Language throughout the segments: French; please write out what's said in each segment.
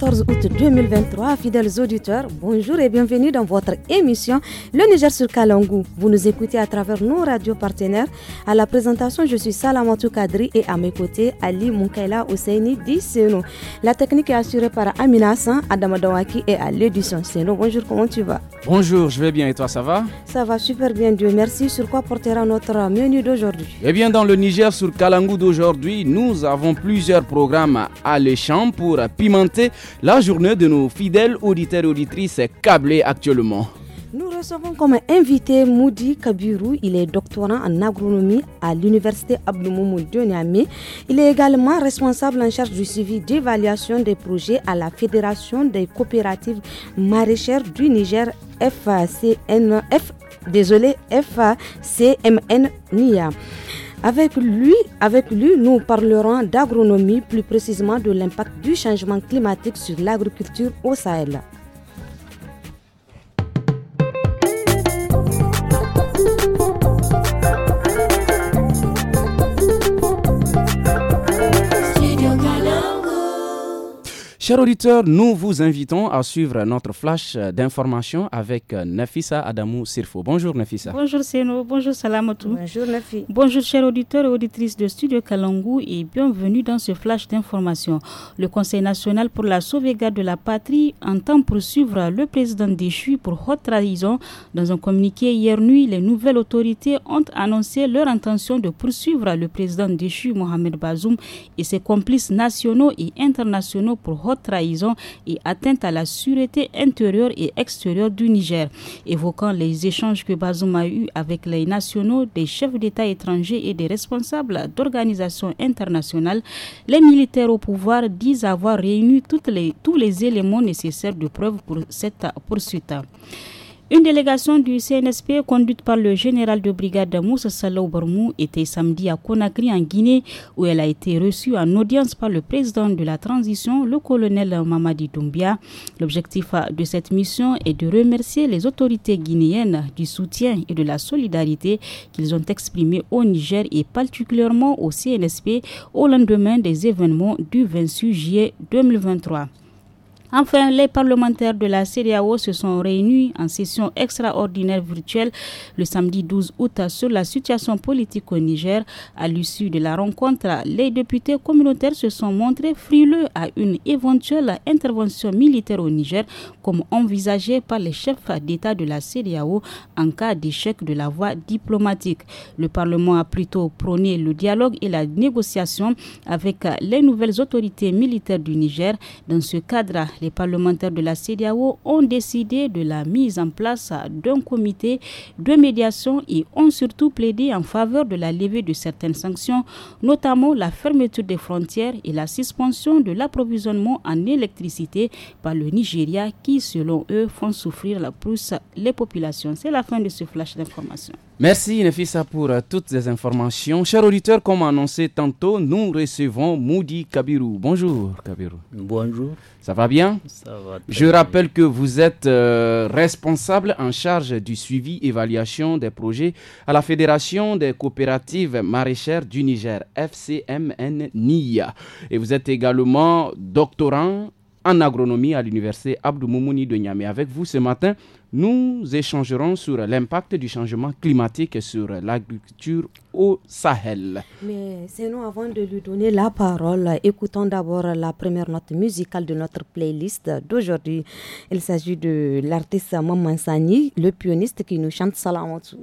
14 août 2023, fidèles auditeurs, bonjour et bienvenue dans votre émission Le Niger sur Kalangou. Vous nous écoutez à travers nos radios partenaires. À la présentation, je suis Salamatou Kadri et à mes côtés, Ali Moukaila Oseini Disseno La technique est assurée par Amina San, Adama Dawaki et à l'édition Seno. Bonjour, comment tu vas Bonjour, je vais bien et toi, ça va Ça va super bien, Dieu merci. Sur quoi portera notre menu d'aujourd'hui Eh bien, dans le Niger sur Kalangou d'aujourd'hui, nous avons plusieurs programmes alléchants pour pimenter la journée de nos fidèles auditeurs et auditrices est câblée actuellement. Nous recevons comme invité Moudi Kabirou, Il est doctorant en agronomie à l'université Abdelmoumou de Niamey. Il est également responsable en charge du suivi d'évaluation des projets à la Fédération des coopératives maraîchères du Niger FACNF, désolé, FACMN NIA. Avec lui, avec lui, nous parlerons d'agronomie, plus précisément de l'impact du changement climatique sur l'agriculture au Sahel. Chers auditeurs, nous vous invitons à suivre notre flash d'information avec euh, Nafissa Adamou Sirfo. Bonjour Nafissa. Bonjour Seno, bonjour Salamatou. Bonjour Nafi. Bonjour chers auditeurs et auditrices de Studio Kalangou et bienvenue dans ce flash d'information. Le Conseil national pour la sauvegarde de la patrie entend poursuivre le président déchu pour haute trahison. Dans un communiqué hier nuit, les nouvelles autorités ont annoncé leur intention de poursuivre le président déchu Mohamed Bazoum et ses complices nationaux et internationaux pour haute trahison et atteinte à la sûreté intérieure et extérieure du Niger. Évoquant les échanges que Bazoum a eus avec les nationaux, des chefs d'État étrangers et des responsables d'organisations internationales, les militaires au pouvoir disent avoir réuni toutes les, tous les éléments nécessaires de preuve pour cette poursuite. Une délégation du CNSP conduite par le général de brigade Moussa Salou Barmou était samedi à Conakry en Guinée où elle a été reçue en audience par le président de la transition, le colonel Mamadi Doumbia. L'objectif de cette mission est de remercier les autorités guinéennes du soutien et de la solidarité qu'ils ont exprimé au Niger et particulièrement au CNSP au lendemain des événements du 26 juillet 2023. Enfin, les parlementaires de la CDAO se sont réunis en session extraordinaire virtuelle le samedi 12 août sur la situation politique au Niger. À l'issue de la rencontre, les députés communautaires se sont montrés frileux à une éventuelle intervention militaire au Niger, comme envisagé par les chefs d'État de la CDAO en cas d'échec de la voie diplomatique. Le Parlement a plutôt prôné le dialogue et la négociation avec les nouvelles autorités militaires du Niger. Dans ce cadre, les parlementaires de la CDAO ont décidé de la mise en place d'un comité de médiation et ont surtout plaidé en faveur de la levée de certaines sanctions, notamment la fermeture des frontières et la suspension de l'approvisionnement en électricité par le Nigeria qui, selon eux, font souffrir la plus les populations. C'est la fin de ce flash d'information. Merci Nefissa pour euh, toutes ces informations. Chers auditeurs, comme annoncé tantôt, nous recevons Moudi Kabirou. Bonjour Kabirou. Bonjour. Ça va bien Ça va. Je rappelle que vous êtes euh, responsable en charge du suivi évaluation des projets à la Fédération des coopératives maraîchères du Niger, FCMN NIA. Et vous êtes également doctorant en agronomie à l'université Abdou Moumouni de Niamey. Avec vous ce matin, nous échangerons sur l'impact du changement climatique sur l'agriculture au Sahel. Mais sinon, avant de lui donner la parole, écoutons d'abord la première note musicale de notre playlist d'aujourd'hui. Il s'agit de l'artiste Mamansani, le pianiste qui nous chante Salamatou.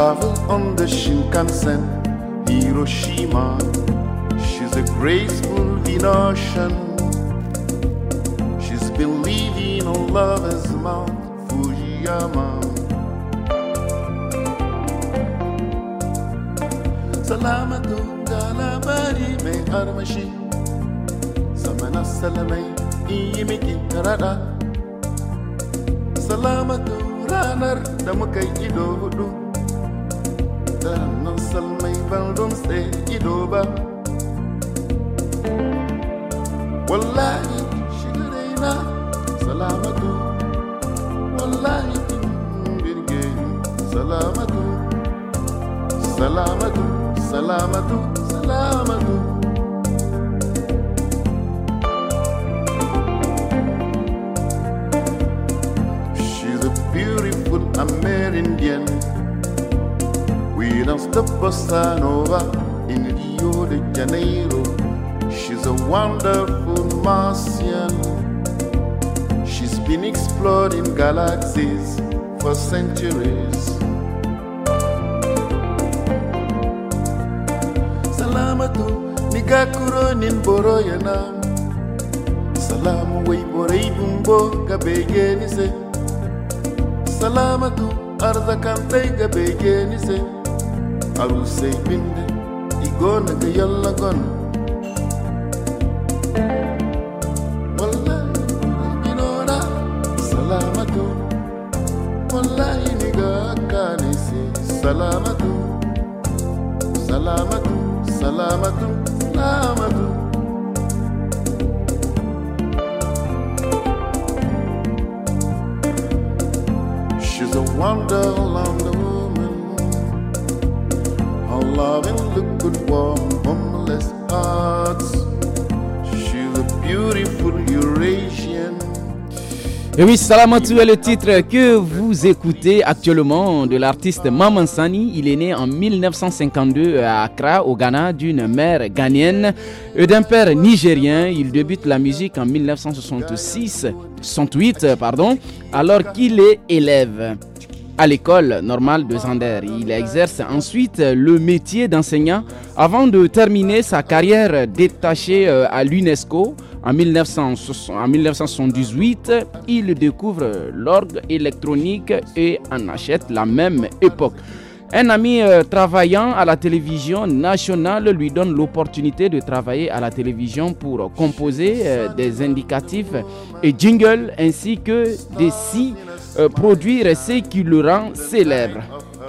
travel on the Shinkansen, Hiroshima. She's a graceful Venusian. She's believing on love as Mount Fujiyama. سلامة على بالي من أرمشي سمنا السلامي إيمي كنترادا سلامة ranar da Santa, non salmai baldum se idoba. Wallahi shigalaina salamatu. Wallahi birge salamatu. Salamatu, salamatu. bossa nova in Rio de Janeiro. She's a wonderful Martian. She's been exploring galaxies for centuries. Salamatu, nigakuronin boroyanam. Salamu weiborei bumbo gabegenise. Salamatu, arzakante gabegenise. I will say bind igona ke yalla gon. Et oui, Salamatou est le titre que vous écoutez actuellement de l'artiste Mamansani. Il est né en 1952 à Accra, au Ghana, d'une mère ghanienne et d'un père nigérien. Il débute la musique en 1966, alors qu'il est élève à l'école normale de Zander. Il exerce ensuite le métier d'enseignant avant de terminer sa carrière détachée euh, à l'UNESCO en, 1978, il découvre l'orgue électronique et en achète la même époque. Un ami euh, travaillant à la télévision nationale lui donne l'opportunité de travailler à la télévision pour composer euh, des indicatifs et jingles ainsi que des si euh, produire ce qui le rend célèbre.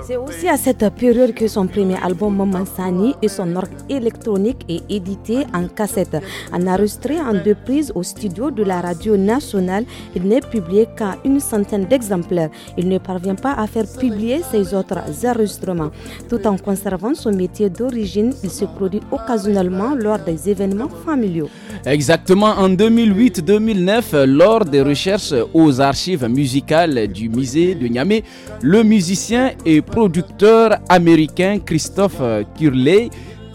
C'est aussi à cette période que son premier album Maman Sani et son orgue électronique est édité en cassette. En enregistré en deux prises au studio de la radio nationale, il n'est publié qu'à une centaine d'exemplaires. Il ne parvient pas à faire publier ses autres enregistrements. Tout en conservant son métier d'origine, il se produit occasionnellement lors des événements familiaux. Exactement en 2008-2009, lors des recherches aux archives musicales du musée de Niamey, le musicien et producteur américain Christophe Curley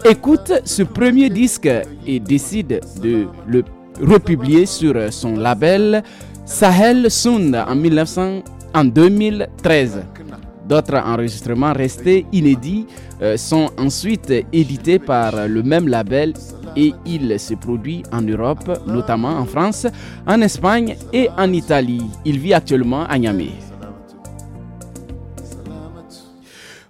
écoute ce premier disque et décide de le republier sur son label Sahel Sound en, en 2013. D'autres enregistrements restés inédits euh, sont ensuite édités par le même label et il se produit en Europe, notamment en France, en Espagne et en Italie. Il vit actuellement à Niamey.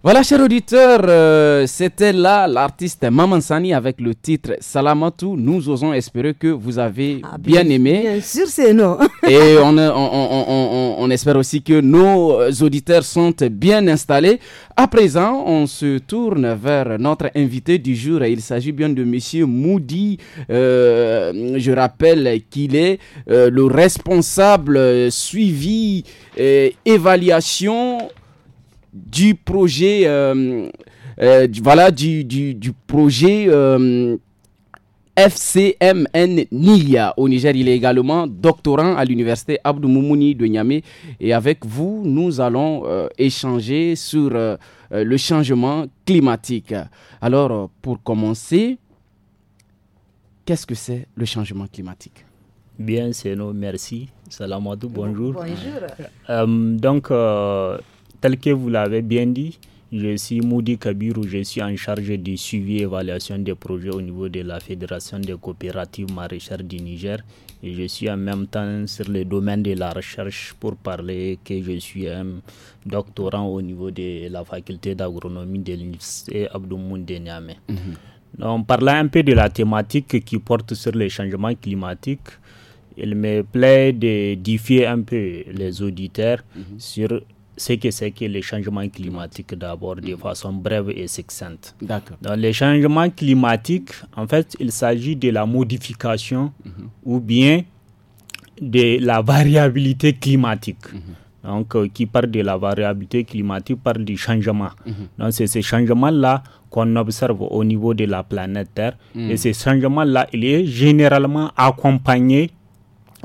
Voilà, chers auditeurs, euh, c'était là l'artiste Maman Sani avec le titre Salamatu. Nous osons espérer que vous avez ah, bien, aimé. Bien sûr, c'est nous. Et on, espère aussi que nos euh, auditeurs sont bien installés. À présent, on se tourne vers notre invité du jour. Il s'agit bien de Monsieur Moody. Euh, je rappelle qu'il est le responsable suivi et évaluation du projet, euh, euh, du, voilà, du, du, projet euh, FCMN NIA au Niger. Il est également doctorant à l'université Abdou Moumouni de Niamey. Et avec vous, nous allons échanger sur le changement climatique. Alors, pour commencer, qu'est-ce que c'est le changement climatique Bien, c'est nous, merci. salamadou bonjour. Bonjour. donc, tel que vous l'avez bien dit, je suis Moudi où je suis en charge du suivi et évaluation des projets au niveau de la Fédération des coopératives maraîchères du Niger. Et je suis en même temps sur le domaine de la recherche pour parler que je suis un doctorant au niveau de la faculté d'agronomie de l'Université Abdou de Niamey. Mhm. On parlait un peu de la thématique qui porte sur les changements climatiques. Il me plaît de diffier un peu les auditeurs mhm. sur ce que c'est que les changements climatiques d'abord de mm. façon brève et succincte. Dans les changements climatiques, en fait, il s'agit de la modification mm-hmm. ou bien de la variabilité climatique. Mm-hmm. Donc, euh, qui parle de la variabilité climatique parle du changement. Mm-hmm. Donc, c'est ces changements-là qu'on observe au niveau de la planète Terre. Mm. Et ces changements-là, il est généralement accompagné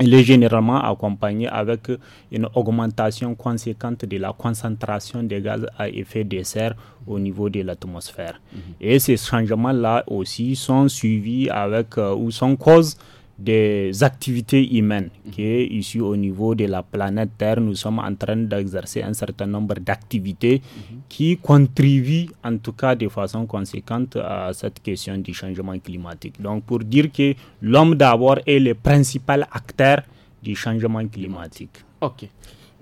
il est généralement accompagné avec une augmentation conséquente de la concentration des gaz à effet de serre au niveau de l'atmosphère. Mhm. Et ces changements-là aussi sont suivis avec euh, ou sont causés des activités humaines, qui est ici au niveau de la planète Terre, nous sommes en train d'exercer un certain nombre d'activités qui contribuent en tout cas de façon conséquente à cette question du changement climatique. Donc pour dire que l'homme d'abord est le principal acteur du changement climatique. Ok.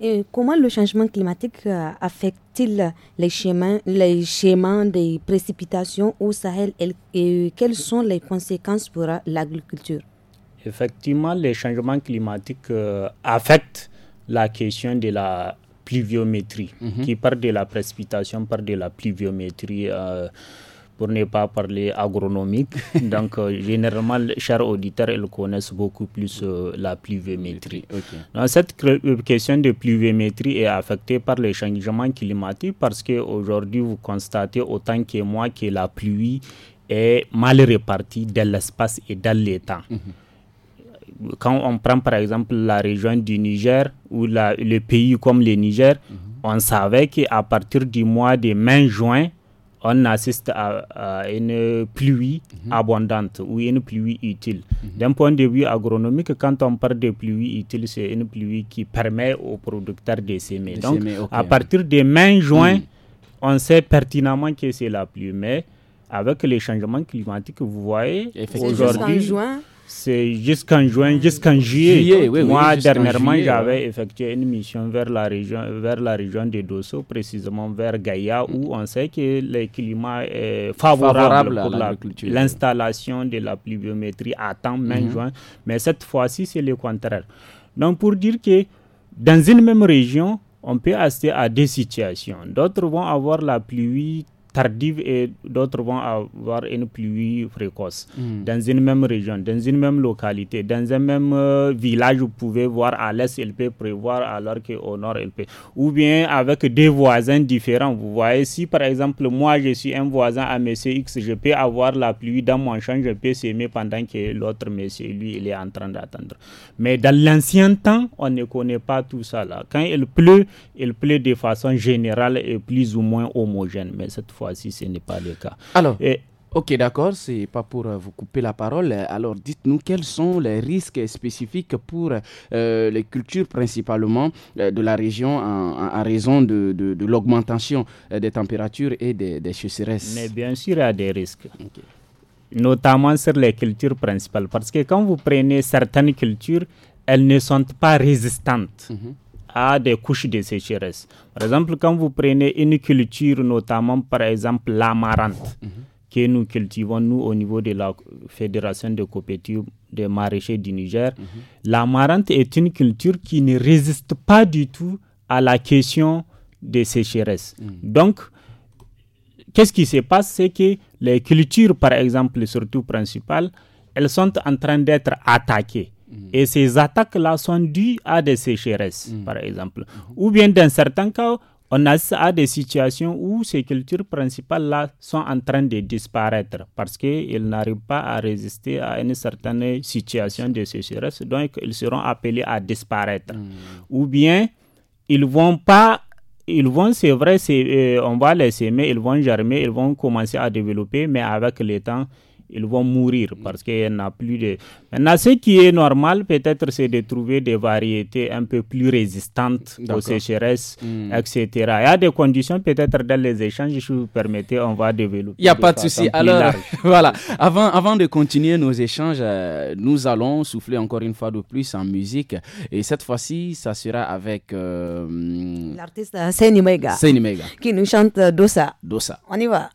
Et comment le changement climatique euh, affecte-t-il les schémas, les schémas des précipitations au Sahel et quelles sont les conséquences pour l'agriculture Effectivement, les changements climatiques euh, affectent la question de la pluviométrie, mhm. qui part de la précipitation, part de la pluviométrie. Euh, pour ne pas parler agronomique. Donc, euh, généralement, chers auditeurs, ils connaissent beaucoup plus la pluviométrie. cette question de pluviométrie est affectée par les changements climatiques parce qu'aujourd'hui, vous constatez autant que moi que la pluie est mal répartie dans l'espace et dans les temps. Mhm quand on prend par exemple la région du Niger ou le pays comme le Niger, mhm. on savait qu'à partir du mois de mai-juin, on assiste à, une pluie mhm. abondante ou une pluie utile. Mhm. D'un point de vue agronomique, quand on parle de pluie utile, c'est une pluie qui permet aux producteurs de s'aimer. Donc, à partir de mai-juin, on sait pertinemment que c'est la pluie. Mais avec les changements climatiques, vous voyez, aujourd'hui, c'est jusqu'en juin, jusqu'en juillet. Moi, dernièrement, j'avais effectué une mission vers la région, vers la région de Dosso, précisément vers Gaïa, mm. où on sait que le climat est favorable, pour l'installation de la pluviométrie à temps, juin. Mm-hmm. Mais cette fois-ci, c'est le contraire. Donc, pour dire que dans une même région, on peut assister à deux situations. D'autres vont avoir la pluie tardive et d'autres vont avoir une pluie précoce. Hmm. Dans une même région, dans une même localité, dans un même euh, village, vous pouvez voir à l'est, elle peut prévoir, alors qu'au nord, elle peut. Ou bien avec des voisins différents. Vous voyez, si par exemple, moi, je suis un voisin à Monsieur X, je peux avoir la pluie dans mon champ, je peux s'aimer pendant que l'autre monsieur, lui, il est en train d'attendre. Mais dans l'ancien temps, on ne connaît pas tout ça là. Quand il pleut, il pleut de façon générale et plus ou moins homogène. Mais cette fois, si ce n'est pas le cas. Alors, Et, Ok, d'accord, c'est pas pour euh, vous couper la parole. Alors, dites-nous quels sont les risques spécifiques pour euh, les cultures principalement euh, de la région en, raison de, l'augmentation des températures et des, des sécheresses. Mais bien sûr, il y a des risques. Notamment sur les cultures principales. Parce que quand vous prenez certaines cultures, elles ne sont pas résistantes. Mhm à des couches de sécheresse. Par exemple, quand vous prenez une culture, notamment par exemple l'amarante, mhm. que nous cultivons nous au niveau de la Fédération de coopérative des maraîchers du Niger, mhm. l'amarante est une culture qui ne résiste pas du tout à la question de sécheresse. Mhm. Donc, qu'est-ce qui se passe C'est que les cultures, par exemple, surtout principales, elles sont en train d'être attaquées. Mm-hmm. Et ces attaques-là sont dues à des sécheresses, mm-hmm. par exemple. Mm-hmm. Ou bien dans certains cas, on a des situations où ces cultures principales-là sont en train de disparaître parce qu'ils n'arrivent pas à résister à une certaine situation de sécheresse, donc ils seront appelés à disparaître. Ou bien, ils vont pas ils vont, c'est vrai, euh, on va les semer, ils vont germer, ils vont commencer à développer, mais avec le temps, ils vont mourir parce qu'il n'y a plus de... Maintenant, ce qui est normal, peut-être, c'est de trouver des variétés un peu plus résistantes aux sécheresses, hmm. etc. Il y a des conditions, peut-être, dans les échanges, si vous permettez, on va développer. Il n'y a pas de souci. Alors, voilà. Avant, avant de continuer nos échanges, euh, nous allons souffler encore une fois de plus en musique. Et cette fois-ci, ça sera avec... Euh, L'artiste euh, Senimega. Senimega. Qui nous chante Dosa. Dosa. On y va.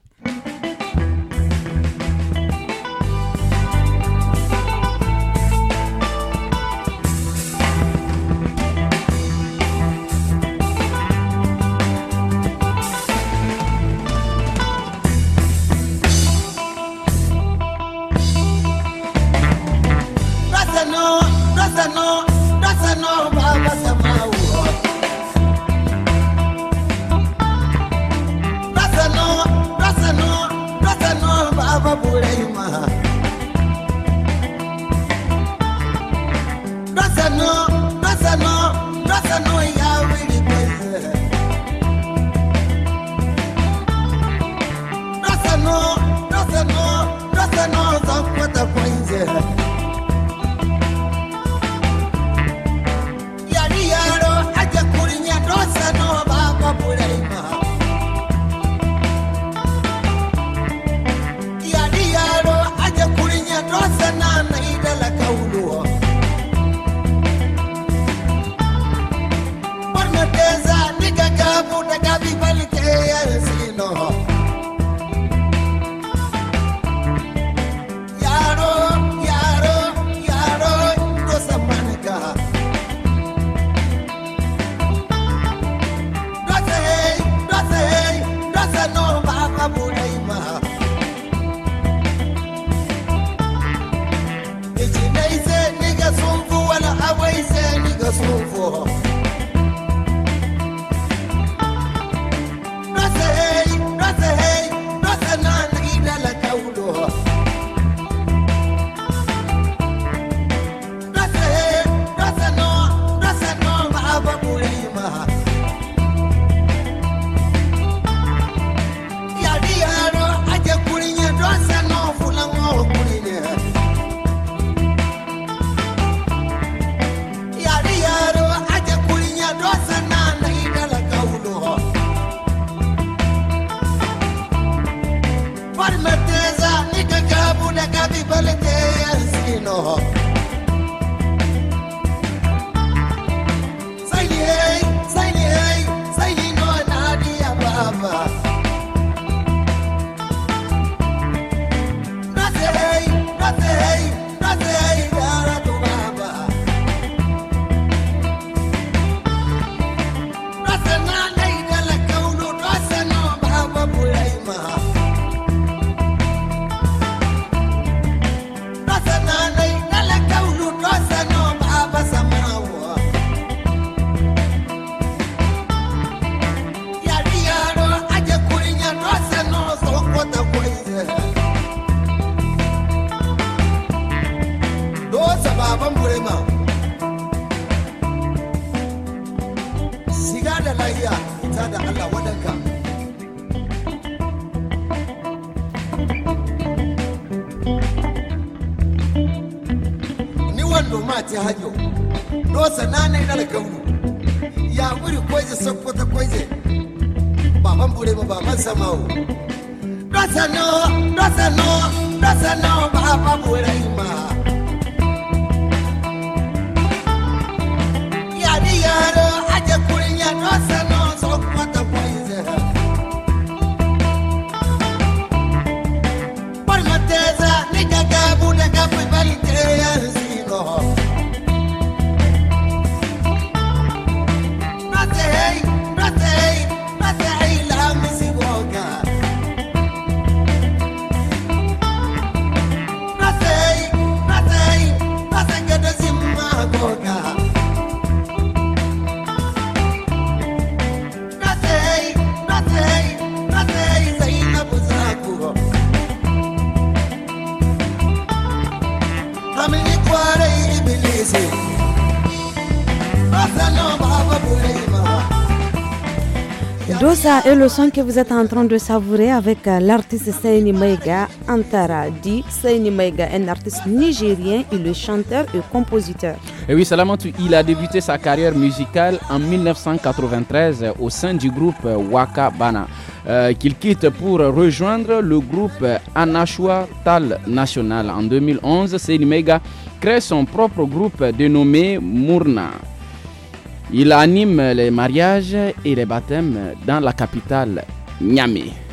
dasana baba buraima yari yaro aje kurinya dasana sokwata poize parmateza ni daga bu daga pe balite yaro Dosa est le son que vous êtes en train de savourer avec euh, l'artiste Saini Mega Antara dit Saini est un artiste nigérien, il est chanteur et compositeur. Et eh oui, Salamantou, il a débuté sa carrière musicale en 1993 au sein du groupe Waka Bana. Euh, qu'il quitte pour rejoindre le groupe Anashua Tal National. En 2011, Senimega crée son propre groupe dénommé Mourna. Il anime les mariages et les baptêmes dans la capitale Niamey.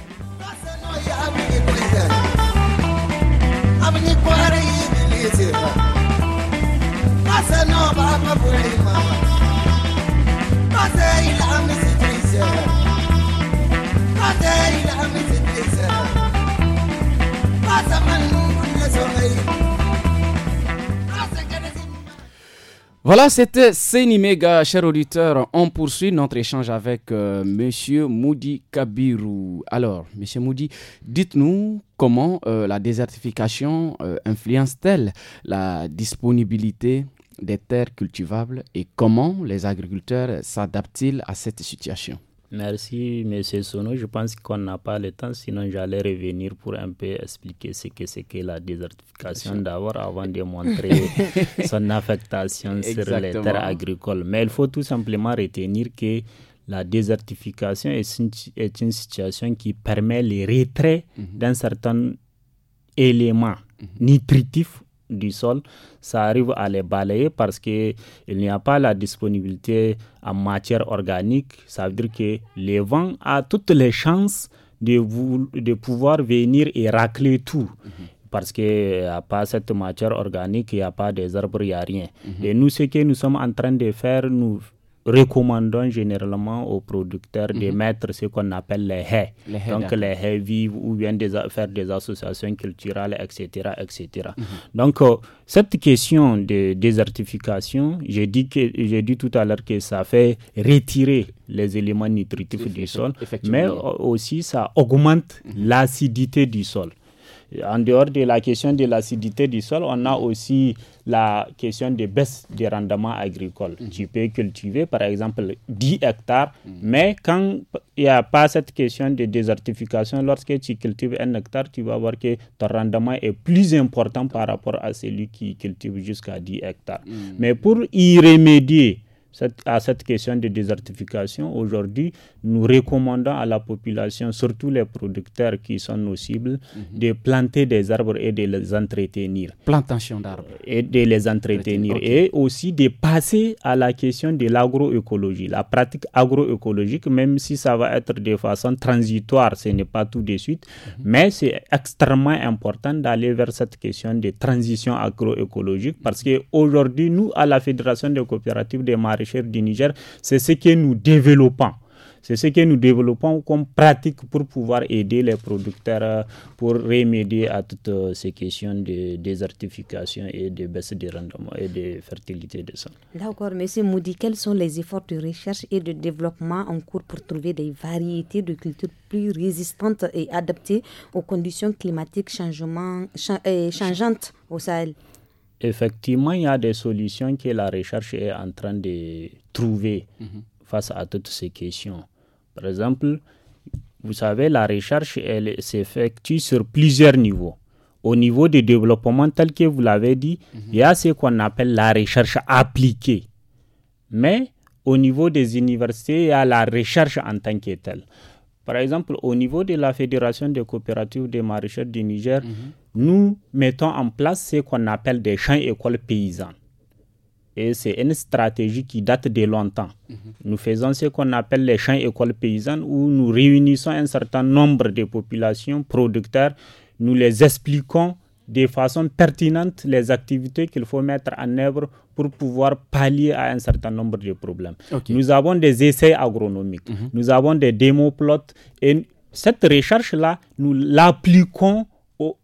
Voilà, c'était Mega, cher auditeur. On poursuit notre échange avec euh, Monsieur Moudi Kabiru. Alors, Monsieur Moudi, dites-nous comment euh, la désertification euh, influence-t-elle la disponibilité des terres cultivables et comment les agriculteurs s'adaptent-ils à cette situation Merci, Monsieur Sono. Je pense qu'on n'a pas le temps, sinon j'allais revenir pour un peu expliquer ce que c'est que la désertification d'abord avant de montrer son affectation sur les terres agricoles. Mais il faut tout simplement retenir que la désertification est une, situation qui permet le retrait mhm. d'un certain élément mhm. nutritif du sol, ça arrive à les balayer parce qu'il n'y a pas la disponibilité en matière organique. Ça veut dire que les vents a toutes les chances de, de pouvoir venir et racler tout. Mm-hmm. Parce qu'il n'y a pas cette matière organique, il n'y a pas des arbres, il n'y a rien. Mm-hmm. Et nous, ce que nous sommes en train de faire, nous recommandons généralement aux producteurs de mhm. mettre ce qu'on appelle les haies. Donc les haies vivent ou bien des, faire des associations culturelles, etc. etc. Mhm. Donc euh, cette question de désertification, j'ai dit, dit tout à l'heure que ça fait retirer les éléments nutritifs du sol, mais euh, aussi ça augmente mhm. l'acidité du sol en dehors de la question de l'acidité du sol, on a mm. aussi la question des baisses des rendements agricoles. Mm-hmm. Tu peux cultiver, par exemple, 10 hectares, mm. mais quand il n'y a pas cette question de désertification, lorsque tu cultives un hectare, tu vas voir que ton rendement est plus important par rapport à celui qui cultive jusqu'à 10 hectares. Mm. Mais pour y remédier, à cette question de désertification, aujourd'hui, nous recommandons à la population, surtout les producteurs qui sont nos cibles, mhm. de planter des arbres et de les entretenir. Plantation d'arbres. Et de les entretenir. Et aussi de passer à la question de l'agroécologie, la pratique agroécologique, même si ça va être de façon transitoire, ce n'est pas tout de suite, mhm. mais c'est extrêmement important d'aller vers cette question de transition agroécologique parce mhm. qu'aujourd'hui, nous, à la Fédération des coopératives des marais, du Niger, c'est ce que nous développons. C'est ce que nous développons comme pratique pour pouvoir aider les producteurs euh, pour remédier à toutes euh, ces questions de désertification et de baisse des rendements et de fertilité des sols. D'accord, Monsieur Moudi, quels sont les efforts de recherche et de développement en cours pour trouver des variétés de cultures plus résistantes et adaptées aux conditions climatiques euh, changeantes au Sahel effectivement, il y a des solutions que la recherche est en train de trouver mhm. face à toutes ces questions. Par exemple, vous savez, la recherche, elle s'effectue sur plusieurs niveaux. Au niveau du développement, tel que vous l'avez dit, mhm. il y a ce qu'on appelle la recherche appliquée. Mais au niveau des universités, il y a la recherche en tant que telle. Par exemple, au niveau de la Fédération des coopératives des maraîchers du Niger, mhm. nous mettons en place ce qu'on appelle des champs-écoles paysans, Et c'est une stratégie qui date de longtemps. Mhm. Nous faisons ce qu'on appelle les champs-écoles paysannes où nous réunissons un certain nombre de populations, producteurs, nous les expliquons de façon pertinente les activités qu'il faut mettre en œuvre pour pouvoir pallier à un certain nombre de problèmes. Nous avons des essais agronomiques, mhm. nous avons des démoplotes et cette recherche-là, nous l'appliquons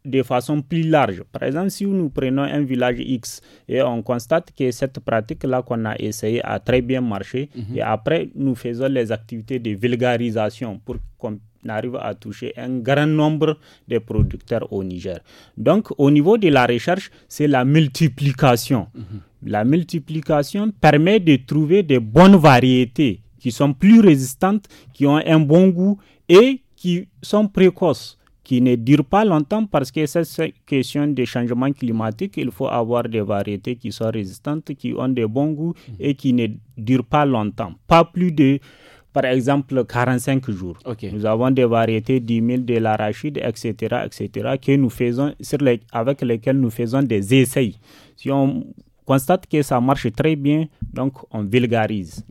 de façon plus large. Par exemple, si nous prenons un village X et on constate que cette pratique-là qu'on a essayé a très bien marché, mhm. et après nous faisons les activités de vulgarisation pour qu'on n'arrive à toucher un grand nombre de producteurs au Niger. Donc au niveau de la recherche, c'est la multiplication. Mhm. La multiplication permet de trouver des bonnes variétés qui sont plus résistantes, qui ont un bon goût et qui sont précoces qui ne durent pas longtemps parce que c'est cette question des changements climatiques, il faut avoir des variétés qui sont résistantes, qui ont des bons goûts mhm. et qui ne durent pas longtemps. Pas plus de par exemple 45 jours. Nous avons des variétés 10 de l'arachide, etc., etc., que nous faisons, sur avec lesquelles nous faisons des essais. Si on constate que ça marche très bien, donc on vulgarise.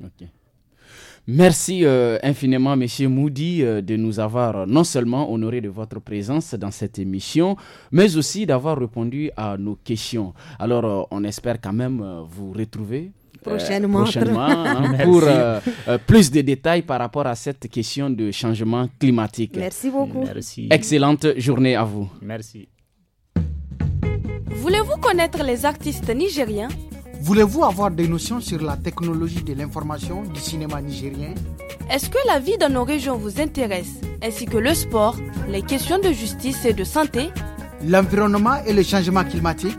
Merci euh, infiniment, Monsieur Moody, euh, de nous avoir euh, non seulement honoré de votre présence dans cette émission, mais aussi d'avoir répondu à nos questions. Alors, on espère quand même vous retrouver euh, prochainement, hein. pour euh, euh, plus de détails par rapport à cette question de changement climatique. Merci beaucoup. Excellente journée à vous. Merci. Voulez-vous connaître les artistes nigériens Voulez-vous avoir des notions sur la technologie de l'information du cinéma nigérien Est-ce que la vie dans nos régions vous intéresse, ainsi que le sport, les questions de justice et de santé L'environnement et le changement climatique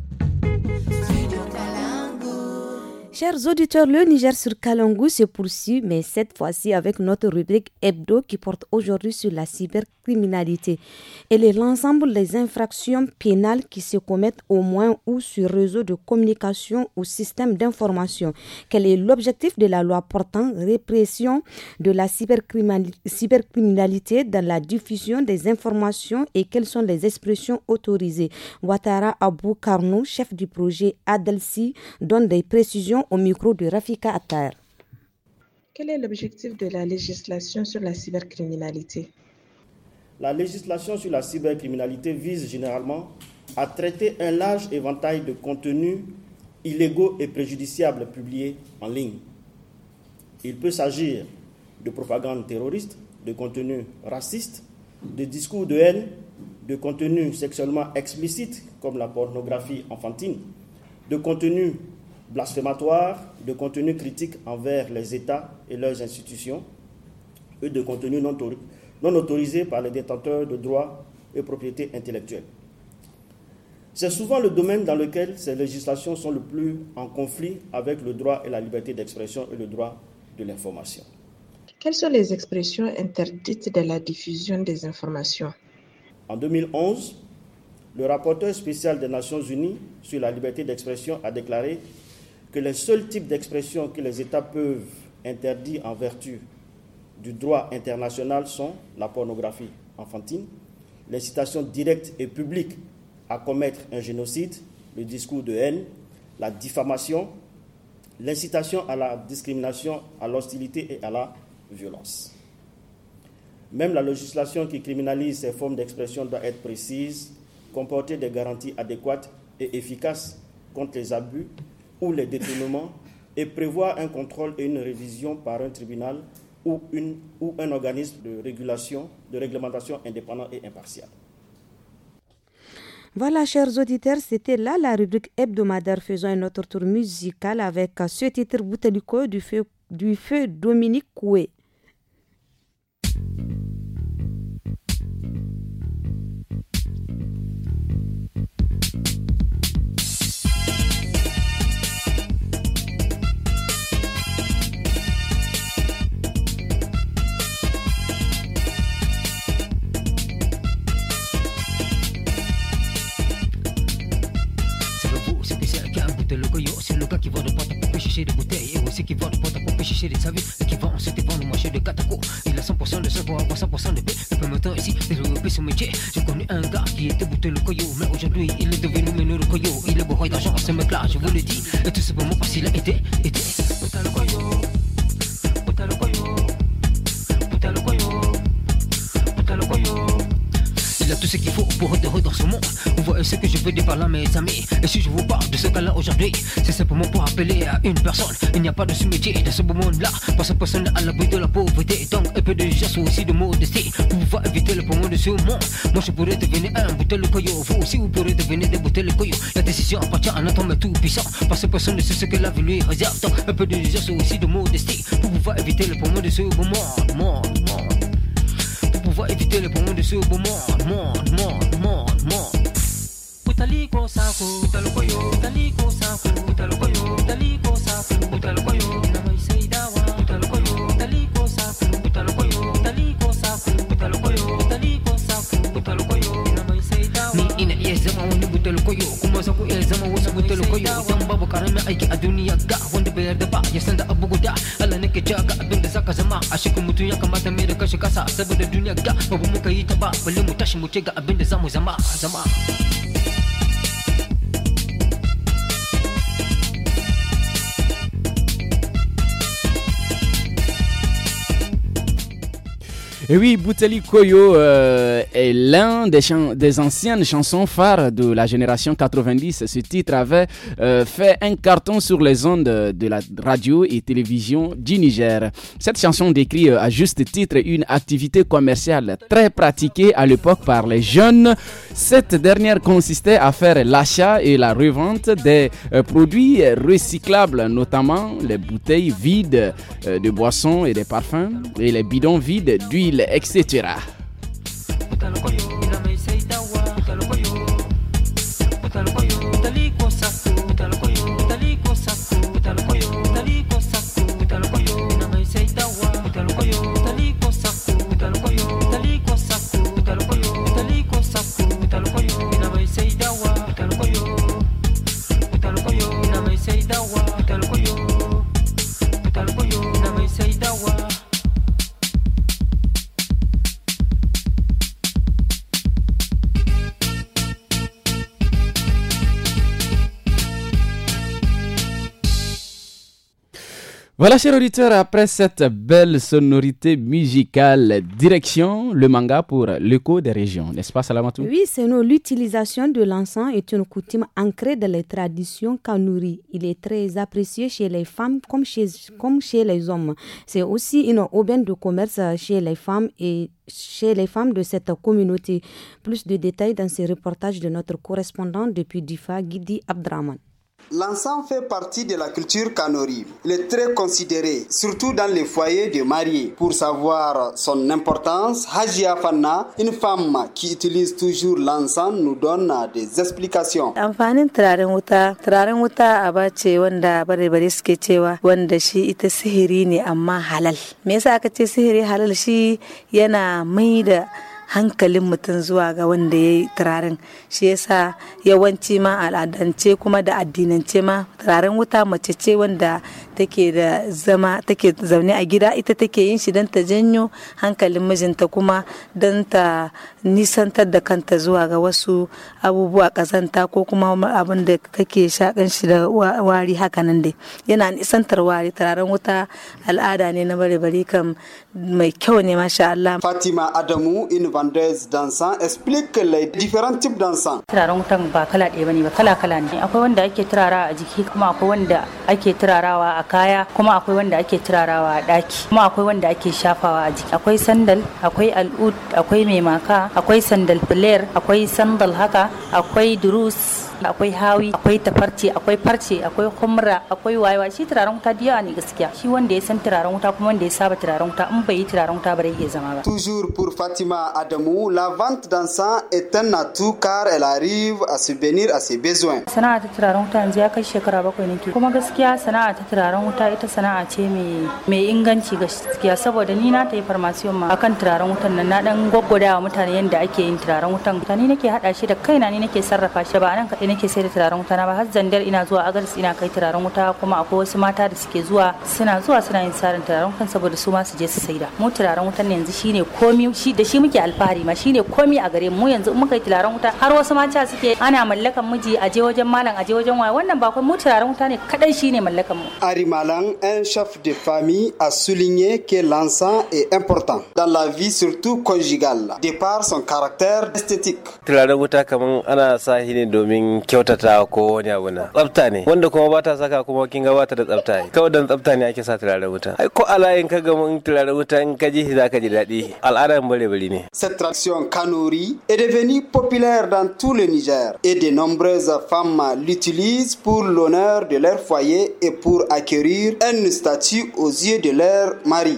Chers auditeurs, le Niger sur Kalangou se poursuit, mais cette fois-ci avec notre rubrique hebdo qui porte aujourd'hui sur la cybercriminalité. Elle est l'ensemble des infractions pénales qui se commettent au moins ou sur réseau de communication ou système d'information. Quel est l'objectif de la loi portant répression de la cybercriminalité dans la diffusion des informations et quelles sont les expressions autorisées Ouattara Abou Karnou, chef du projet Adelsi, donne des précisions au micro de Rafika Attar. Quel est l'objectif de la législation sur la cybercriminalité La législation sur la cybercriminalité vise généralement à traiter un large éventail de contenus illégaux et préjudiciables publiés en ligne. Il peut s'agir de propagande terroriste, de contenus racistes, de discours de haine, de contenus sexuellement explicites comme la pornographie enfantine, de contenus blasphématoire, de contenu critique envers les États et leurs institutions, et de contenu non, non autorisé par les détenteurs de droits et propriétés intellectuelles. C'est souvent le domaine dans lequel ces législations sont le plus en conflit avec le droit et la liberté d'expression et le droit de l'information. Quelles sont les expressions interdites de la diffusion des informations En 2011, le rapporteur spécial des Nations Unies sur la liberté d'expression a déclaré que les seuls types d'expression que les États peuvent interdire en vertu du droit international sont la pornographie enfantine, l'incitation directe et publique à commettre un génocide, le discours de haine, la diffamation, l'incitation à la discrimination, à l'hostilité et à la violence. Même la législation qui criminalise ces formes d'expression doit être précise, comporter des garanties adéquates et efficaces contre les abus ou les détournements et prévoit un contrôle et une révision par un tribunal ou, une, ou un organisme de régulation, de réglementation indépendant et impartial. Voilà, chers auditeurs, c'était là la rubrique hebdomadaire faisant un autre tour musical avec ce titre Bouteliko du feu, du feu Dominique Coué. chez les savis, qui vend, ensuite vendre moi chez de catacos. Il a 100% de savoir, 100% de paix. Depuis temps ici, développé son métier. J'ai connu un gars qui était bouté le coyot, mais aujourd'hui il est devenu mené le coyot. Il est bourré d'argent, ce mec-là, je vous le dis. Et tout simplement parce qu'il a été, été. pour heureux dans ce monde. On voit ce que je veux dire par là, mes amis. Et si je vous parle de ce cas-là aujourd'hui, c'est simplement pour appeler à une personne. Il n'y a pas de ce métier dans ce monde-là. Parce que personne n'est à l'abri de la pauvreté. Donc, un peu de ou aussi de modestie. Pouvoir éviter le poumon de ce monde. Moi, je pourrais devenir un bouteille de coyot. Vous aussi, vous pourrez devenir des bouteilles de coyot. La décision appartient à un homme tout puissant. Parce que personne ne sait ce que la vie lui réserve. Donc, un peu de ou aussi de modestie. Pour pouvoir éviter le poumon de ce monde. monde. fois et tu te le prends de ce ko monde, monde, monde, monde, monde. ko sako, utalokoyo, utaliko sako, utalokoyo, utaliko sako, utalokoyo, ko seidawa, utalokoyo, utaliko sako, utalokoyo, ko sako, utalokoyo, utaliko yo utalokoyo, namai seidawa. Ni ina iya zama wani yo kuma ko iya zama wasu yo. dan babo karamin aiki a duniya ga wanda bayar da ba ya san abu haka zama a shikun mutum ya kamata mai da kashe kasa saboda duniya ga babu muka yi ta ba balle mu tashi mu ce ga abin da zamu zama zama Et oui, Bouteli Koyo euh, est l'un des, des, anciennes chansons phares de la génération 90. Ce titre avait euh, fait un carton sur les ondes de la radio et télévision du Niger. Cette chanson décrit euh, à juste titre une activité commerciale très pratiquée à l'époque par les jeunes. Cette dernière consistait à faire l'achat et la revente des produits recyclables, notamment les bouteilles vides de boissons et des parfums et les bidons vides d'huile etcétera. Voilà, chers auditeurs, après cette belle sonorité musicale, direction le manga pour l'écho des régions, n'est-ce pas, Salamatou Oui, c'est nous. L'utilisation de l'encens est une coutume ancrée dans les traditions kanuri. Il est très apprécié chez les femmes comme chez, comme chez les hommes. C'est aussi une aubaine de commerce chez les femmes et chez les femmes de cette communauté. Plus de détails dans ce reportage de notre correspondant depuis Difa, Gidi Abdraman. L'encens fait partie de la culture canori. Il est très considéré, surtout dans les foyers de mariés. Pour savoir son importance, Hajia Fanna, une femme qui utilise toujours l'encens, nous donne des explications. hankalin mutum zuwa ga wanda ya yi turaren shi yasa yawanci ma al'adance kuma da addinance ma turaren wuta mace ce wanda take da zama take zaune a gida ita take yin shi don ta janyo hankalin mijinta kuma don ta nisantar da kanta zuwa ga wasu abubuwa kazanta ko kuma abin da kake shakan shi da wari hakanan dai yana nisantar wari turaren wuta al'ada ne na bare-bare kam mai kyau ne masha Allah. Fatima Adamu in Vandes Dansan explique les différents types dansan. Turaren wutan ba kala ɗaya bane ba kala kala ne akwai wanda ake turara a jiki kuma akwai wanda ake turarawa a kaya kuma akwai wanda ake turarawa a ɗaki kuma akwai wanda ake shafawa a jiki akwai sandal akwai al'ud akwai mai maka akwai sandal filair akwai sandal haka akwai durus akwai hawi akwai tafarce akwai farce akwai humra akwai wayewa shi turaren wuta da yawa ne gaskiya shi wanda ya san turaren wuta kuma wanda ya saba turaren wuta in bai yi turaren wuta ba zai zama ba toujours pour Fatima Adamu la vente d'encens est un atout car elle arrive à subvenir à ses besoins sana'a ta turaren wuta yanzu ya kai shekara bakwai ke. kuma gaskiya sana'a ta turaren wuta ita sana'a ce mai inganci gaskiya saboda ni na ta yi farmasiyon ma akan turaren wutan nan na dan gwaggwada wa mutane yadda ake yin turaren wutan ni nake haɗa shi da kaina ni nake sarrafa shi ba nan kaɗai nake sai da turaren wuta na ba har zandar ina zuwa agaris ina kai turaren wuta kuma akwai wasu mata da suke zuwa suna zuwa suna yin sarin turaren wutan saboda su ma su je su saida mu turaren wutan ne yanzu shine komi shi da shi muke alfahari ma shine komi a gare mu yanzu in muka yi turaren wuta har wasu mata suke ana mallakan miji a je wajen malam a je wajen waya wannan ba mu turaren wuta ne kadan shine mallakan mu Ari malam un chef de famille a souligné que l'encens est important dans la vie surtout conjugale de par son caractère esthétique turaren wuta kaman ana sa ne domin kyautatawa ko wani abu na tsafta ne wanda kuma ba ta saka kuma kin ga ba ta da tsafta ne kawai dan tsafta ne ake sa turare wuta ai ko alayin ka ga mun turare wuta in ka ji za ka ji daɗi al'adar bare bare ne cette tradition kanuri est devenu populaire dans tout le Niger et de nombreuses femmes l'utilisent pour l'honneur de leur foyer et pour acquérir un statut aux yeux de leur mari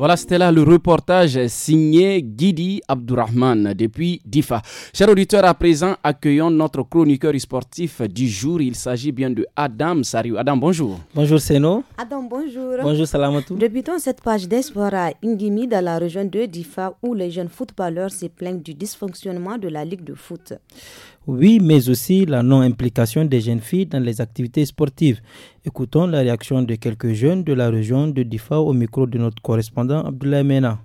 Voilà, c'était là le reportage signé Guidi Abdourahman depuis DIFA. Chers auditeurs, à présent, accueillons notre chroniqueur sportif du jour. Il s'agit bien de Adam Sariou. Adam, bonjour. Bonjour Seno. Adam, bonjour. Bonjour Salamatou. Débutons cette page d'espoir à Ingimi dans la région de DIFA où les jeunes footballeurs se plaignent du dysfonctionnement de la Ligue de foot oui, mais aussi la non-implication des jeunes filles dans les activités sportives. Écoutons la réaction de quelques jeunes de la région de Difa au micro de notre correspondant Abdoulaye Mena.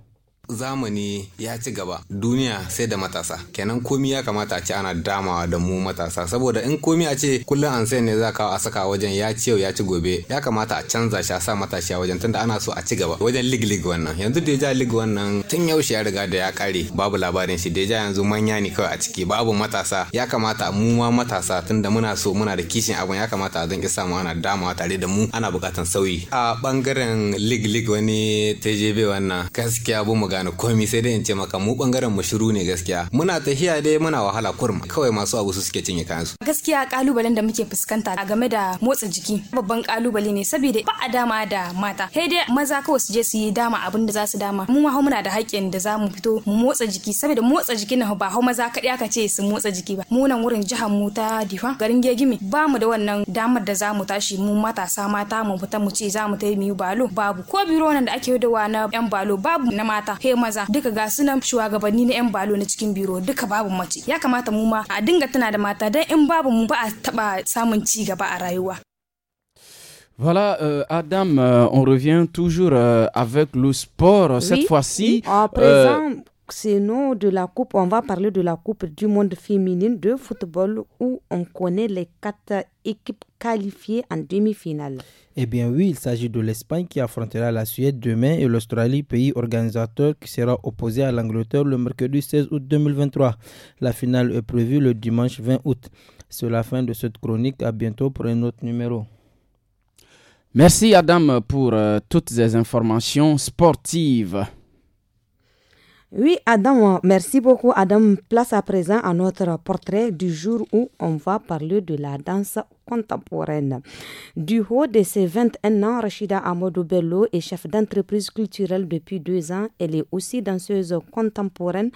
zamani ya ci gaba duniya sai da matasa kenan komi ya kamata a ce ana damawa da mu matasa saboda in komi a ce kullum an sai ne za ka a saka wajen ya ci yau ya ci gobe ya kamata a canza shi a sa matashi a wajen tunda ana so a ci gaba wajen lig lig wannan yanzu deja lig wannan tun yaushe ya riga da ya kare babu labarin shi deja yanzu manya ne kawai a ciki babu matasa ya kamata mu ma matasa tunda muna so muna da kishin abin ya kamata a zanki samu ana damawa tare da mu ana bukatan sauyi a bangaren lig lig wani tjb wannan gaskiya bu mu gane komai sai dai in ce maka mu bangaren mu shiru ne gaskiya muna tafiya dai muna wahala kurma kawai masu abu su suke cinye kansu gaskiya kalubalen da muke fuskanta a game da motsa jiki babban kalubale ne saboda ba a dama da mata sai dai maza kawai su je su yi dama abin da za su dama mu ma muna da haƙƙin da za mu fito mu motsa jiki saboda motsa jiki na ba hau maza kaɗai aka ce su motsa jiki ba mu nan wurin jihar mu ta difa garin gegime ba mu da wannan damar da za mu tashi mu matasa mata mu fita mu ce za mu ta yi balo babu ko biro nan da ake wa na yan balo babu na mata Voilà, Adam, on revient toujours euh, avec le sport cette fois-ci. Euh, présent, c'est nous de la coupe. On va parler de la coupe du monde féminine de football où on connaît les quatre équipes qualifiées en demi-finale. Eh bien oui, il s'agit de l'Espagne qui affrontera la Suède demain et l'Australie, pays organisateur, qui sera opposé à l'Angleterre le mercredi 16 août 2023. La finale est prévue le dimanche 20 août. C'est la fin de cette chronique. À bientôt pour un autre numéro. Merci Adam pour euh, toutes ces informations sportives. Oui, Adam, merci beaucoup. Adam, place à présent à notre portrait du jour où on va parler de la danse contemporaine. Du haut de ses 21 ans, Rachida Amadou Bello est chef d'entreprise culturelle depuis deux ans. Elle est aussi danseuse contemporaine,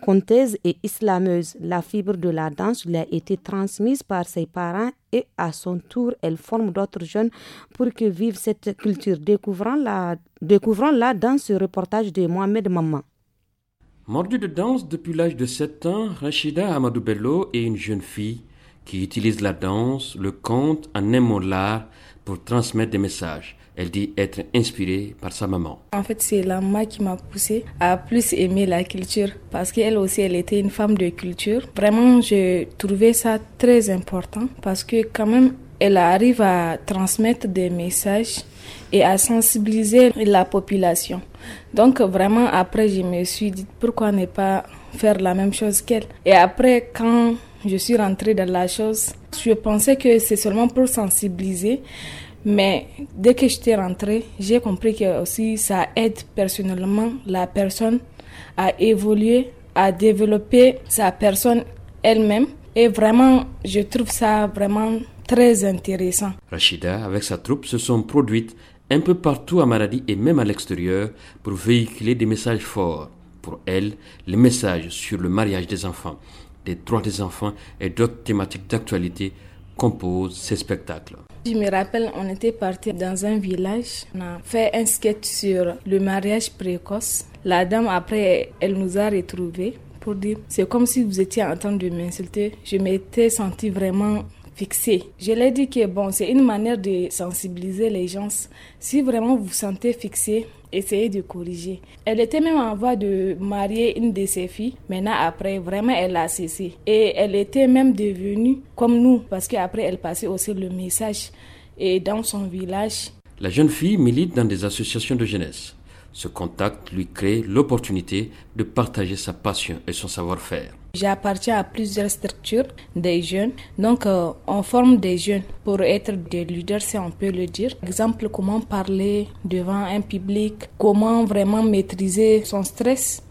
conteuse et islameuse. La fibre de la danse lui a été transmise par ses parents et à son tour, elle forme d'autres jeunes pour que vivent cette culture. Découvrons la, découvrons la dans ce reportage de Mohamed Maman. Mordue de danse depuis l'âge de 7 ans, Rachida Amadou Bello est une jeune fille qui utilise la danse, le conte, un mot l'art pour transmettre des messages. Elle dit être inspirée par sa maman. En fait, c'est la maman qui m'a poussée à plus aimer la culture parce qu'elle aussi, elle était une femme de culture. Vraiment, je trouvais ça très important parce que quand même, elle arrive à transmettre des messages et à sensibiliser la population. Donc vraiment, après, je me suis dit, pourquoi ne pas faire la même chose qu'elle Et après, quand je suis rentrée dans la chose, je pensais que c'est seulement pour sensibiliser. Mais dès que j'étais rentrée, j'ai compris que aussi ça aide personnellement la personne à évoluer, à développer sa personne elle-même. Et vraiment, je trouve ça vraiment très intéressant. Rachida, avec sa troupe, se sont produites un peu partout à Maradi et même à l'extérieur pour véhiculer des messages forts. Pour elle, les messages sur le mariage des enfants, des droits des enfants et d'autres thématiques d'actualité composent ces spectacles. Je me rappelle, on était parti dans un village, on a fait un sketch sur le mariage précoce. La dame, après, elle nous a retrouvés pour dire c'est comme si vous étiez en train de m'insulter. Je m'étais sentie vraiment Fixée. Je l'ai dit que bon, c'est une manière de sensibiliser les gens. Si vraiment vous vous sentez fixé, essayez de corriger. Elle était même en voie de marier une de ses filles. Maintenant, après, vraiment, elle a cessé. Et elle était même devenue comme nous, parce qu'après, elle passait aussi le message. Et dans son village. La jeune fille milite dans des associations de jeunesse. Ce contact lui crée l'opportunité de partager sa passion et son savoir-faire. J'appartiens à plusieurs structures des jeunes. Donc, euh, on forme des jeunes pour être des leaders, si on peut le dire. Exemple, comment parler devant un public, comment vraiment maîtriser son stress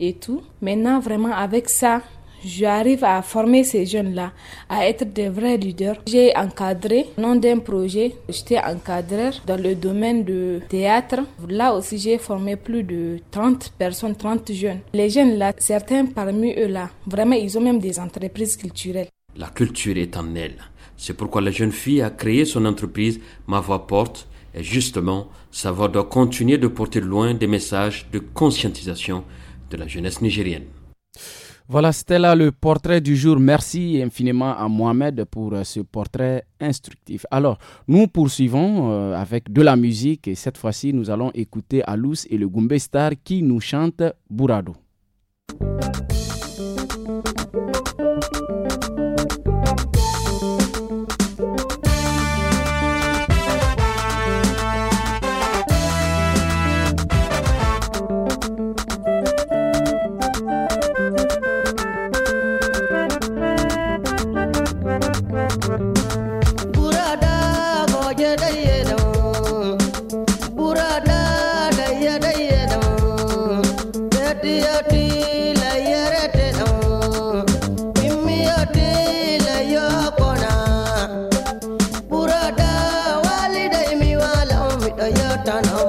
et tout. Maintenant, vraiment, avec ça, j'arrive à former ces jeunes-là à être des vrais leaders. J'ai encadré, nom d'un projet, j'étais encadreur dans le domaine de théâtre. Là aussi, j'ai formé plus de 30 personnes, 30 jeunes. Les jeunes-là, certains parmi eux-là, vraiment, ils ont même des entreprises culturelles. La culture est en elle. C'est pourquoi la jeune fille a créé son entreprise Ma Voix Porte et justement, sa voix doit continuer de porter loin des messages de conscientisation de la jeunesse nigérienne. Voilà, c'était là le portrait du jour. Merci infiniment à Mohamed pour euh, ce portrait instructif. Alors, nous poursuivons euh, avec de la musique et cette fois-ci, nous allons écouter Alous et le Goumbé Star qui nous chante Burado ». Toyota, no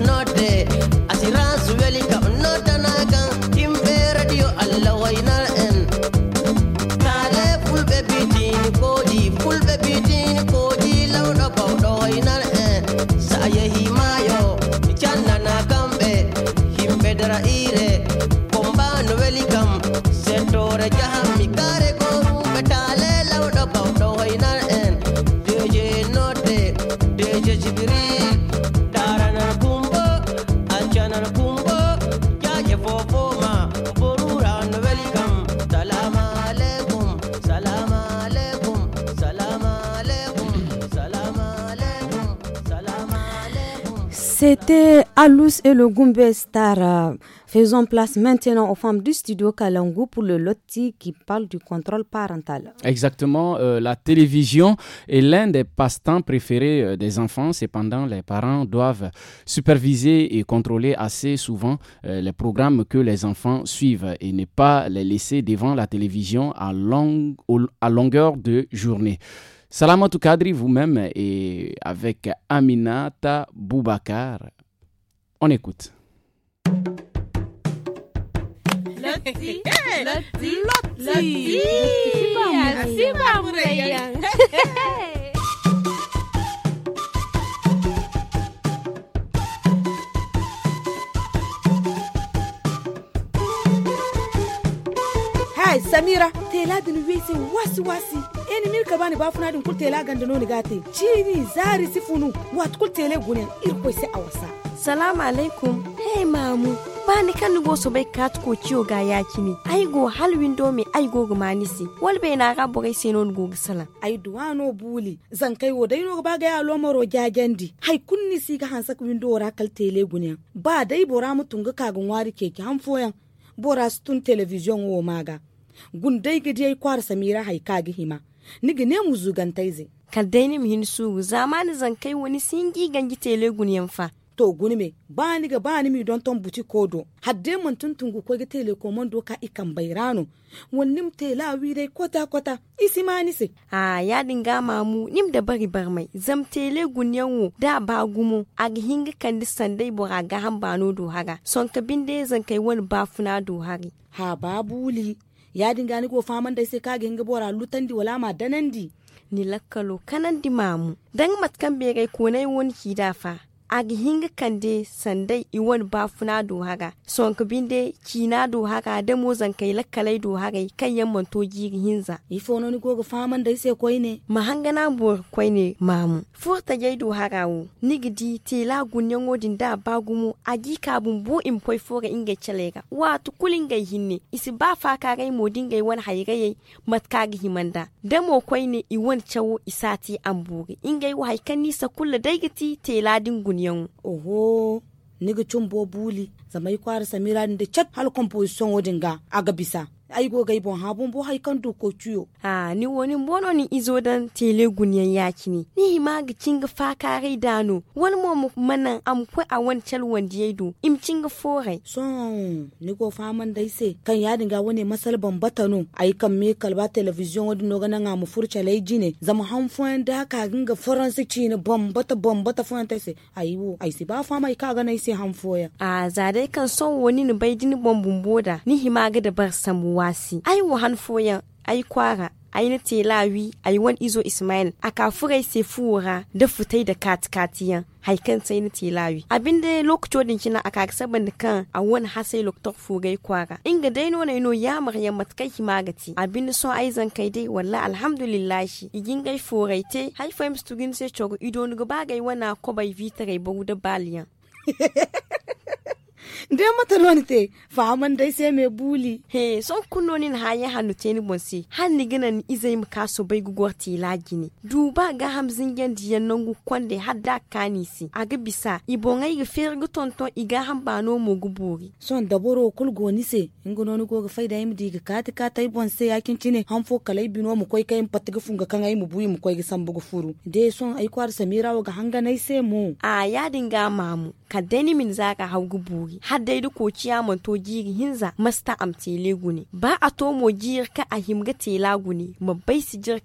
No. C'était Alous et le Goumbe Star. Euh, faisons place maintenant aux femmes du studio Kalangu pour le loti qui parle du contrôle parental. Exactement, euh, la télévision est l'un des passe-temps préférés euh, des enfants. Cependant, les parents doivent superviser et contrôler assez souvent les programmes que les enfants suivent et ne pas les laisser devant la télévision à, à longueur de journée. Salamatou Kadri, vous-même, et avec Aminata Boubacar. On écoute. Hi Samira, t'es là de nouveau, c'est wasi wasi. eni mir ka bani bafuna din kurtela ganda noni ni gate chiri zari sifunu wat kurtele gunen ir ko awasa salamu alaikum hey mamu bani kan go so bai kat ko ciyo ga yakini ai go hal window mi ai go manisi wal bai na ga bogai sai non go sala ai duwano buli zan kai wo dai no ba ga ya lomoro jagendi hai kunni si ga hansa window ra kal tele gunen ba dai bora ka ga kagun wari keke han foyan bora stun television wo maga gundai gidi ai kwar samira hai kagi hima niga ne mu zugantaize kaldaini mi hin sugu zamani zan kai wani singi gangi tele guniyan fa to guni me ba ni ga ba ni mi don ton buti kodo hadde mun tun tungu ko ga tele ko mon doka ikan bairano wannim tela wi dai kota kota isi ma ni se a ya dinga mamu nim da bari bar mai zam tele wo da ba gumo a ga hinga kan di sandai bora ga han n'o do haga son ka binde zan kai wani bafuna do hari ha babuli ya dinga ni go faman da sai ka ga hinga bora di wala ma danandi ni lakkalo kanandi mamu dan matkan be gai ko nay won ki dafa ag hinga kande sandai iwan bafuna do haga sonk binde kina do haga da mo zankai kalai do haga kan yan manto giri hinza ifo no ni gogo faman dai sai koi ne mahangana bor koi ne mamu furta jai do haga wo nigidi tela gunyan wodin da bagumu agi kabin bu in poi fora inga chalega wa to kulin gai hinne isi ba fa ka gai modin gai wan haigaye gi himanda da mo koi ne iwan chawo isati ambuge ingai wa haikan nisa kullu daigati tela din yau oho nigi buli zamai kwara samira da chat hal composition wodin ga aga bisa ai go gai bon ha bo hai kan doko tuyo ha ni woni mbono ni izo dan tele gunyan yaki ne ni ma ga cinga fa kare dano wal mo manan am ko a wancal wanda yayi do im cinga forai son ni go man dai se kan ya dinga wani masal bambata no ai kan me kalba television wadi no ganan amu furca laiji ne zama han fuan da ka ginga faransi ci ne ban bata fuan ta se ai wo ai si ba mai ka ga nai se han foya a dai kan son woni ni bai dini bombun boda ni hima ga da bar samuwa wasi ai wo han foyan ai kwara aina telawi ai wan izo ismail a kafurai se fura da futai da katikatiyan haikan sai na telawi abin da lokacin kina a kaksaban kan a wani hasai lokacin fugai kwara inga dai nuna ino ya marya matkai himagati abin so son zan kai dai walla alhamdulillah igin gai foraite fam stugin se chogo idon nuga bagai wana kobai vitare bagu da baliyan nde mataloni te faman dai sai mai buli he son kunnoni na hanya hannu te ni bonse gina ni izai kaso bai gugwar tila gini duba ga hamzin yan diyan nan gu kwande hadda si. aga bisa ibon ai ga fer tonton iga han bano mu gubori son daboro kul goni se ingono ni go ga faida im diga kati ka tai bonse yakin cine han fo kalai bino mu koi kai patiga funga kan ai mu buyi mu koi ga sambu furu de son ai kwar samira wa ga hanga nai se mu a ya dinga mamu ka deni min zaka hau gubori har dai duk kociya manto to jiri hinza masta am tele ba a to mo ka a himga tela gune ma bai si jir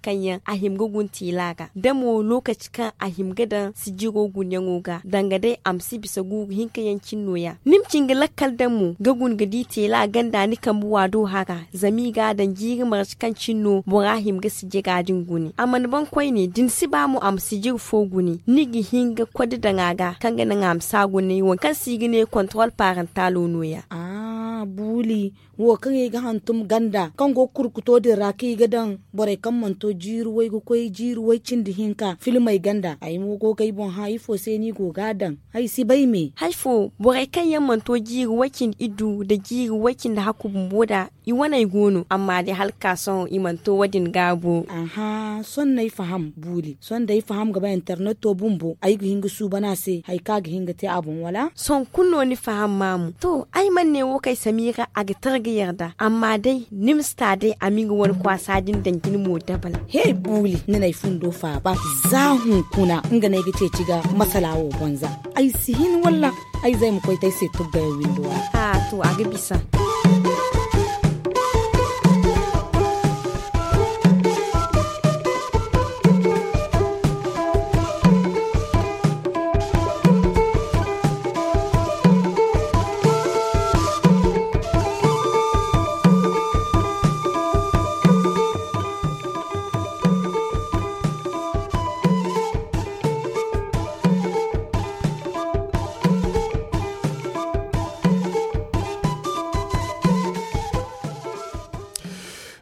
a himga gun tela ga da mo lokaci kan a himga dan si jiro gun yan oga danga dai bisa gugu hinka yan cinno ya nimcin ga lakkal da mu ga gun gadi tela ganda ni kan buwa do haka zami ga dan jiri mar kan cinno bora himga si jiga din guni amman ban kwai ne din si ba mu amsi jir fo gune nigi hinga kwadi da ngaga kan ga na ngam sa gune wankan si gine control parental nu ya ah buli wo kan yi ga hantum ganda kan go kurkuto da raki ga dan bore kan manto jiru wai go koi jiru wai cin da hinka filmai ganda ai mu go kai bon ha fo sai ni go gadan ai si bai me haifo bore kan yan manto jiru wakin idu da jiru wakin da boda i wanai gono amma da halka son i manto wadin gabo aha son nai faham buli son dai faham gaba internet to bumbo ai go hinga su bana sai hai ka ga hinga te abun wala son kunno ni faham mamu to ai man ne wo kai samira a ga ga yarda amma dai nimsta dai aminga wani kwasa din dangin mu dabal hey buli na nai fun fa ba zahun kuna inga nai gice ciga masalawo banza ai sihin walla ai zai mu tai sai tugga windowa ha to a ga bisa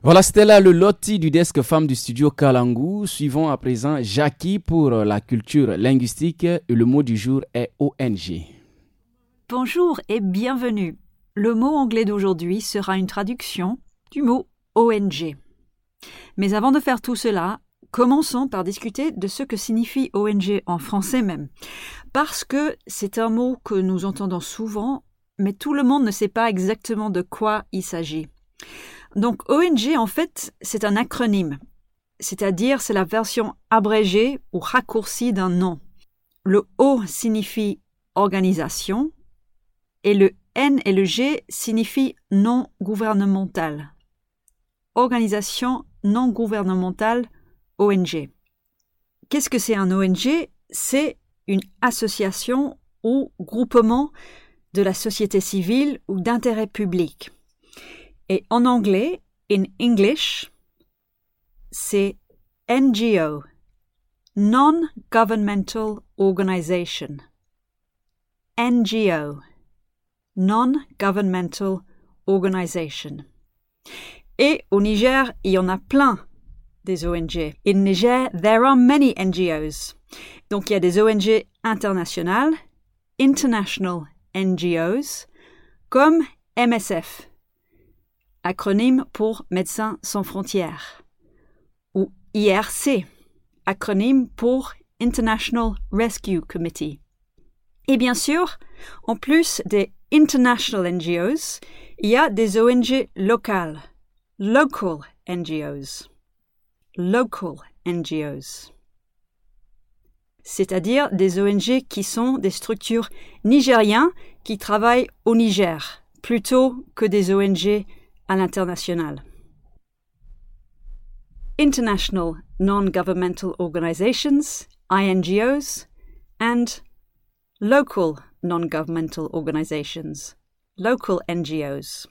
Voilà, c'était là le loti du desk femme du studio Kalangu. Suivons à présent Jackie pour la culture linguistique le mot du jour est ONG. Bonjour et bienvenue. Le mot anglais d'aujourd'hui sera une traduction du mot ONG. Mais avant de faire tout cela, commençons par discuter de ce que signifie ONG en français même. Parce que c'est un mot que nous entendons souvent, mais tout le monde ne sait pas exactement de quoi il s'agit. Donc ONG, en fait, c'est un acronyme, c'est-à-dire c'est la version abrégée ou raccourcie d'un nom. Le O signifie organisation et le N et le G signifient non gouvernemental. Organisation non gouvernementale, ONG. Qu'est-ce que c'est un ONG C'est une association ou groupement de la société civile ou d'intérêt public. Et en anglais, in English, c'est NGO, Non-Governmental Organization. NGO, Non-Governmental Organization. Et au Niger, il y en a plein des ONG. In Niger, there are many NGOs. Donc il y a des ONG internationales, international NGOs, comme MSF, acronyme pour Médecins sans frontières, ou IRC, acronyme pour International Rescue Committee. Et bien sûr, en plus des International NGOs, il y a des ONG locales, Local NGOs. Local NGOs. C'est-à-dire des ONG qui sont des structures nigériennes qui travaillent au Niger, plutôt que des ONG à l'international. International non-governmental organizations, INGOs, and local non-governmental organizations, local NGOs.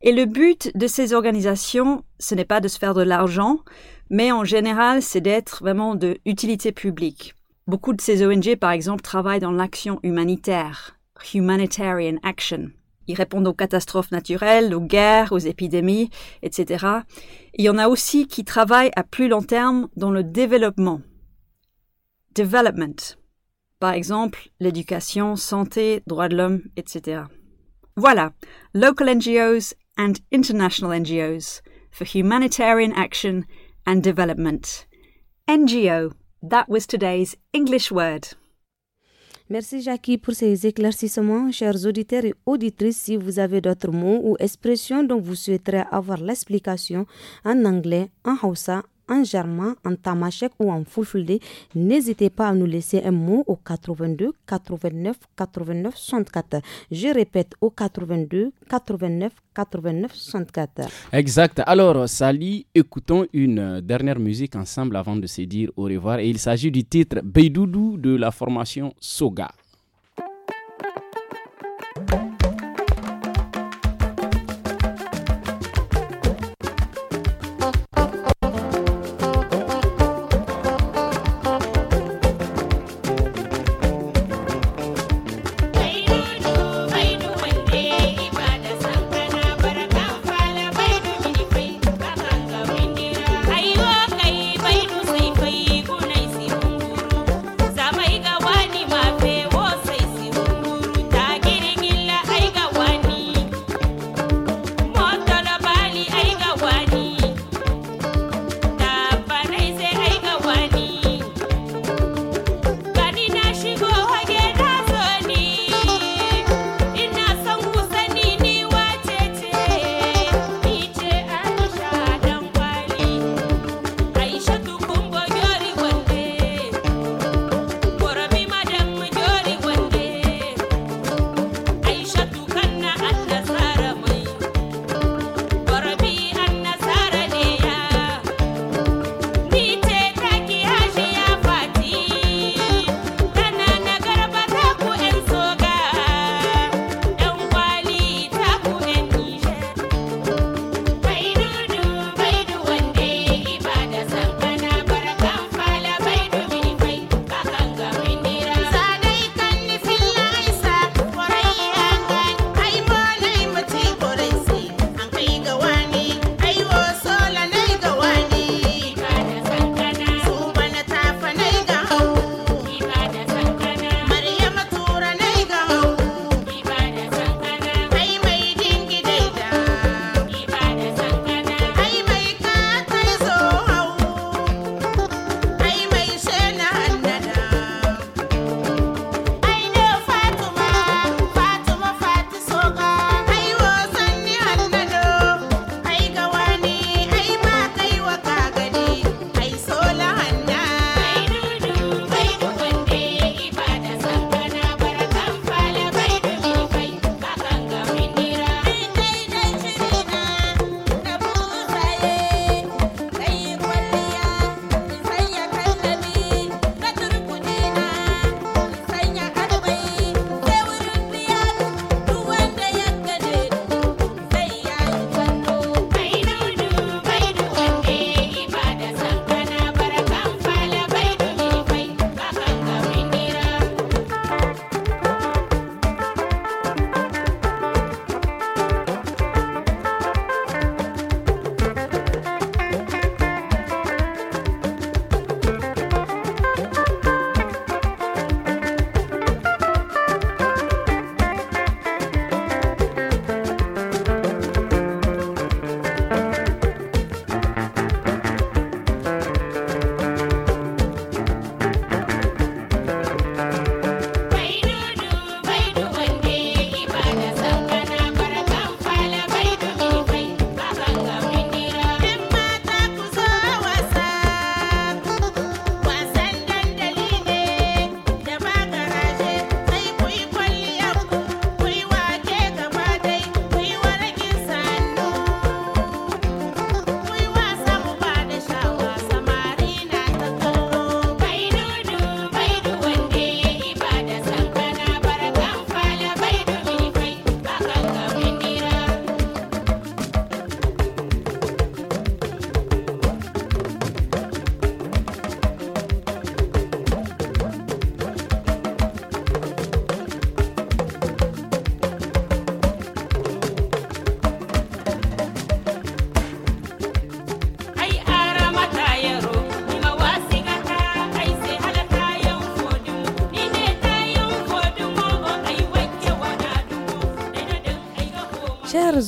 Et le but de ces organisations, ce n'est pas de se faire de l'argent, mais en général, c'est d'être vraiment de utilité publique. Beaucoup de ces ONG, par exemple, travaillent dans l'action humanitaire, humanitarian action. Ils répondent aux catastrophes naturelles, aux guerres, aux épidémies, etc. il y en a aussi qui travaillent à plus long terme dans le développement. Development. Par exemple, l'éducation, santé, droits de l'homme, etc. Voilà, local NGOs and international NGOs for humanitarian action and development. NGO, that was today's English word. Merci Jackie pour ces éclaircissements. Chers auditeurs et auditrices, si vous avez d'autres mots ou expressions dont vous souhaiterez avoir l'explication en anglais, en hausa, en germain, en tamashek ou en fulfulde, n'hésitez pas à nous laisser un mot au 82 89 89 64. Je répète au 82 89 89 64. Exact. Alors, Sali, écoutons une dernière musique ensemble avant de se dire au revoir. Et il s'agit du titre Beidoudou de la formation Soga.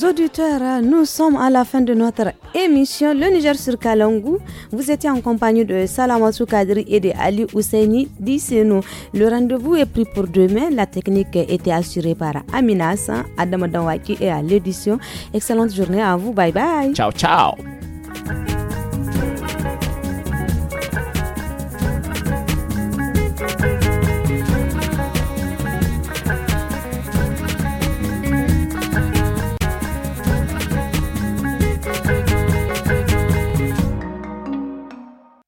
auditeurs, nous sommes à la fin de notre émission Le Niger sur Kalangu, Vous étiez en compagnie de Salamassou Kadri et de Ali Ousseini nous Le rendez-vous est pris pour demain. La technique était assurée par Amina Adam Danwaki et à l'édition. Excellente journée à vous. Bye bye. Ciao, ciao.